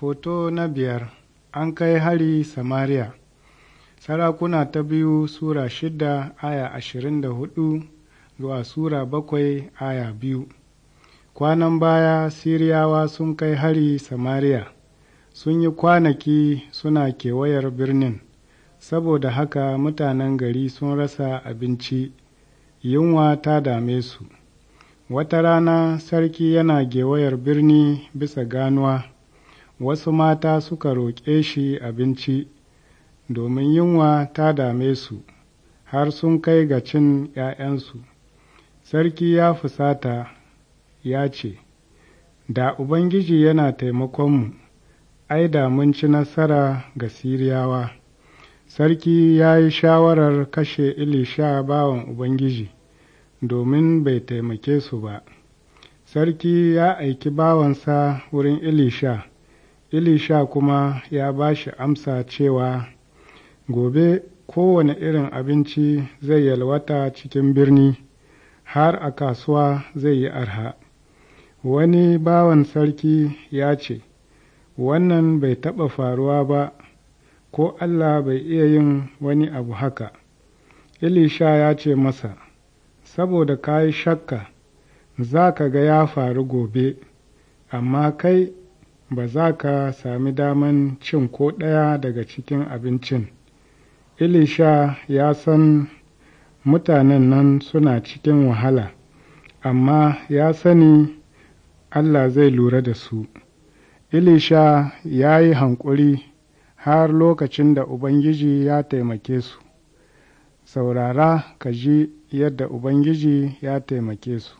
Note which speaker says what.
Speaker 1: Foto na biyar An kai hari Samariya Sarakuna ta biyu Sura shida aya ashirin da hudu zuwa Sura bakwai aya biyu Kwanan baya Siriyawa sun kai hari Samariya sun yi kwanaki suna kewayar birnin saboda haka mutanen gari sun rasa abinci yunwa ta dame su wata rana sarki yana gewayar birni bisa ganuwa wasu mata suka roƙe shi abinci domin yunwa ta dame su har sun kai ga cin ’ya'yansu sarki ya fusata ya ce da ubangiji yana taimakonmu ai da mun ci nasara ga siriyawa sarki ya yi shawarar kashe ilisha bawan ubangiji domin bai taimake su ba sarki ya aiki bawansa wurin ilisha ilisha kuma ya ba shi amsa cewa gobe kowane irin abinci zai yalwata cikin birni har a kasuwa zai yi arha wani bawan sarki ya ce wannan bai taɓa faruwa ba ko allah bai iya yin wani abu haka ilisha ya ce masa saboda ka yi shakka za ka ga ya faru gobe amma kai ba za ka sami daman cin ko ɗaya daga cikin abincin ilisha ya san mutanen nan suna cikin wahala amma ya sani allah zai lura da su ilisha ya yi hankuri har lokacin da ubangiji ya taimake su saurara ka ji yadda ubangiji ya taimake su